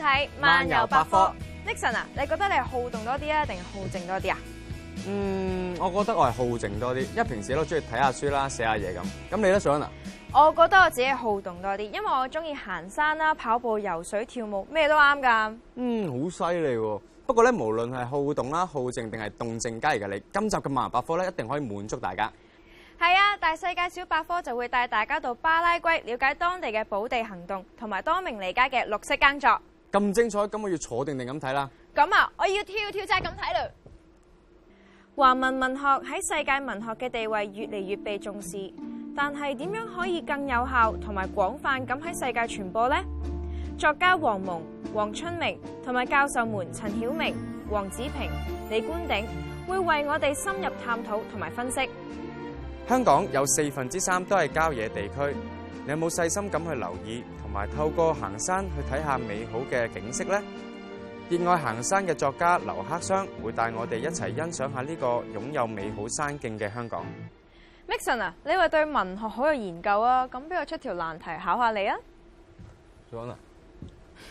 睇漫遊百科 Nixon 啊，Nixon，你覺得你係好動多啲啊，定係好靜多啲啊？嗯，我覺得我係好靜多啲，因為平時都中意睇下書啦，寫下嘢咁。咁你咧 Shawn 啊？我覺得我自己係好動多啲，因為我中意行山啦、跑步、游水、跳舞，咩都啱噶。嗯，好犀利。不過咧，無論係好動啦、好靜定係動靜皆宜嘅你，今集嘅漫遊百科咧，一定可以滿足大家。係啊，大世界小百科就會帶大家到巴拉圭，了解當地嘅保地行動，同埋多明尼加嘅綠色耕作。咁精彩，咁我要坐定定咁睇啦。咁啊，我要跳跳齋咁睇嘞。華文文學喺世界文學嘅地位越嚟越被重視，但係點樣可以更有效同埋廣泛咁喺世界傳播呢？作家王蒙、黃春明同埋教授們陳曉明、黃子平、李觀鼎會為我哋深入探討同埋分析。香港有四分之三都係郊野地區，你有冇細心咁去留意？同埋透過行山去睇下美好嘅景色咧，熱愛行山嘅作家劉克襄會帶我哋一齊欣賞下呢個擁有美好山徑嘅香港。Mixon 啊，你話對文學好有研究啊，咁畀我出條難題考下你啊？做啊？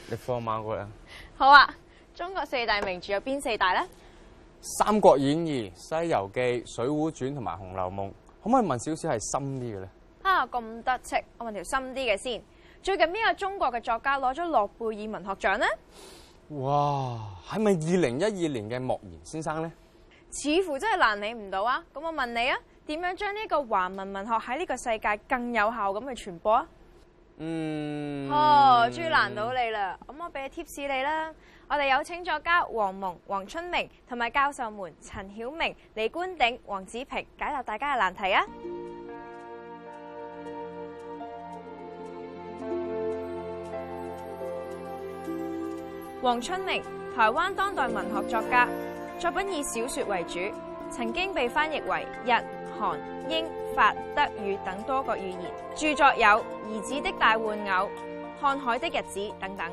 你放我馬過來啊！好啊！中國四大名著有邊四大咧？《三國演義》《西遊記》《水滸傳》同埋《紅樓夢》，可唔可以問少少係深啲嘅咧？啊，咁得戚，我問條深啲嘅先。最近邊個中國嘅作家攞咗諾貝爾文學獎呢？哇，係咪二零一二年嘅莫言先生呢？似乎真係難你唔到啊！咁我問你啊，點樣將呢個華文文學喺呢個世界更有效咁去傳播啊？嗯，哦，終於難到你啦！咁我俾個貼士你啦，我哋有請作家王蒙、黃春明同埋教授們陳曉明、李觀鼎、黃子平解答大家嘅難題啊！黃春明，台灣當代文學作家，作品以小說為主，曾經被翻譯為日、韓、英、法、德語、語等多個語言。著作有《兒子的大玩偶》《看海的日子》等等。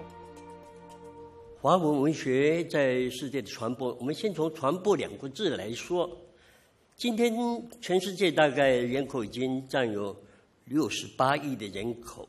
華文文學在世界的傳播，我們先從傳播兩個字來說。今天全世界大概人口已經佔有六十八億的人口。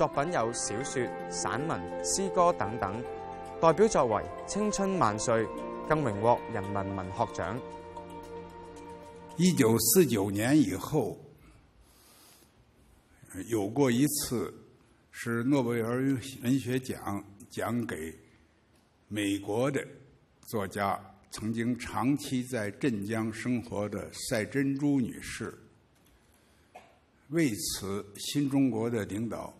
作品有小說、散文、詩歌等等，代表作為《青春萬歲》，更榮獲人民文學獎。一九四九年以後，有過一次是諾貝爾文學獎獎給美國的作家，曾經長期在鎮江生活的賽珍珠女士。為此，新中國的領導。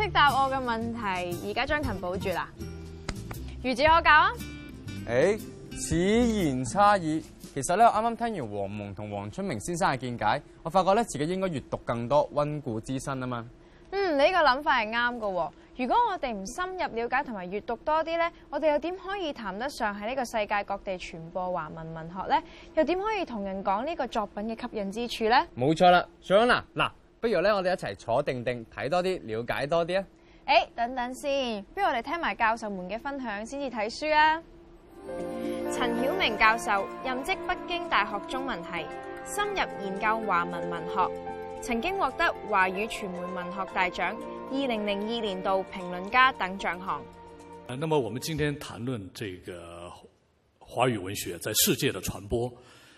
識答我嘅問題，而家將勤保住啦，孺子可教啊！誒、欸，此言差矣。其實咧，我啱啱聽完王蒙同黃春明先生嘅見解，我發覺咧自己應該閱讀更多，溫故知新啊嘛。嗯，你呢個諗法係啱嘅。如果我哋唔深入了解同埋閱讀多啲咧，我哋又點可以談得上喺呢個世界各地傳播華文文學咧？又點可以同人講呢個作品嘅吸引之處咧？冇錯啦，想娜，嗱。不如咧，我哋一齊坐定定，睇多啲，了解多啲啊！誒、欸，等等先，不如我哋聽埋教授們嘅分享先至睇書啊！陳曉明教授任職北京大學中文系，深入研究華文文學，曾經獲得華語傳媒文學大獎、二零零二年度評論家等獎項。啊，那麼我們今天談論這個華語文學在世界的傳播。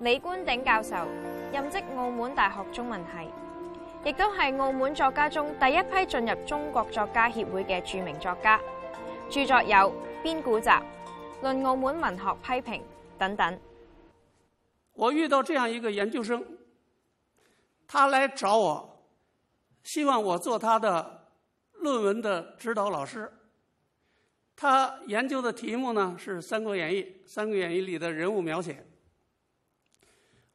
李觀鼎教授任職澳門大學中文系，亦都係澳門作家中第一批進入中國作家協會嘅著名作家，著作有《編古集》《論澳門文學批評》等等。我遇到這樣一個研究生，他來找我，希望我做他的論文的指導老師。他研究的題目呢，是三個《三國演義》，《三國演義》裏的人物描寫。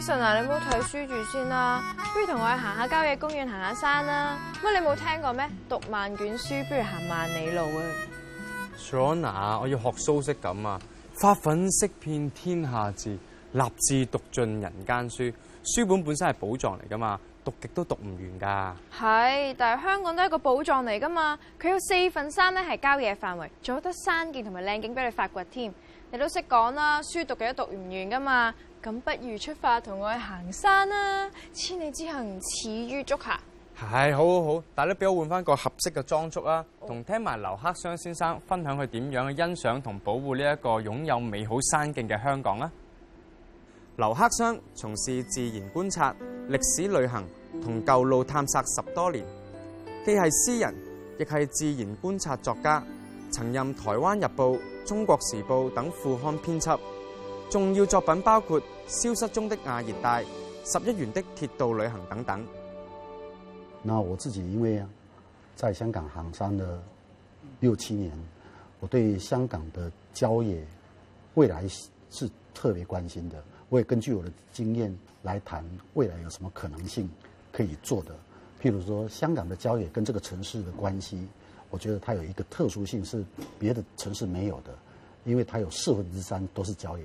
順啊，你唔好睇書住先啦，不如同我去行下郊野公園，行下山啦。乜你冇聽過咩？讀萬卷書，不如行萬里路啊！傻嗱，我要學蘇軾咁啊，發憤識遍天下字，立志讀盡人間書。書本本身係寶藏嚟噶嘛，讀極都讀唔完噶。係，但係香港都係個寶藏嚟噶嘛，佢有四份三咧係郊野範圍，仲有得山景同埋靚景俾你發掘添。你都識講啦，書讀極都讀唔完噶嘛。咁不如出發同我去行山啦！千里之行，始於足下。係，好好好。大家，俾我換翻個合適嘅裝束啦、啊，同、哦、聽埋劉克襄先生分享佢點樣去欣賞同保護呢一個擁有美好山徑嘅香港啊。劉克襄從事自然觀察、歷史旅行同舊路探索十多年，既係詩人，亦係自然觀察作家，曾任《台灣日報》《中國時報》等副刊編輯。重要作品包括《消失中的亞熱帶》《十一元的鐵道旅行》等等。那我自己因為在香港行商行山的六七年，我對香港的郊野未來是特別關心的。我也根據我的經驗來談未來有什麼可能性可以做的。譬如說香港的郊野跟這個城市的關係，我覺得它有一個特殊性是別的城市沒有的，因為它有四分之三都是郊野。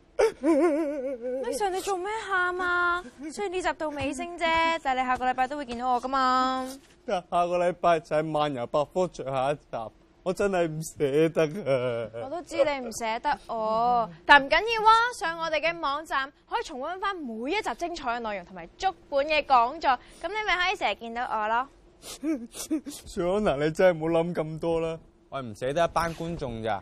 李尚，你做咩喊啊？雖然呢集到尾聲啫，但你下個禮拜都會見到我噶嘛。下個禮拜就係《漫遊百科》最後一集，我真係唔捨得啊！我都知你唔捨得我，但唔緊要啊。上我哋嘅網站，可以重温翻，每一集精彩嘅內容同埋足本嘅講座，咁你咪可以成日見到我咯。可 能你真係唔好諗咁多啦，我唔捨得一班觀眾咋。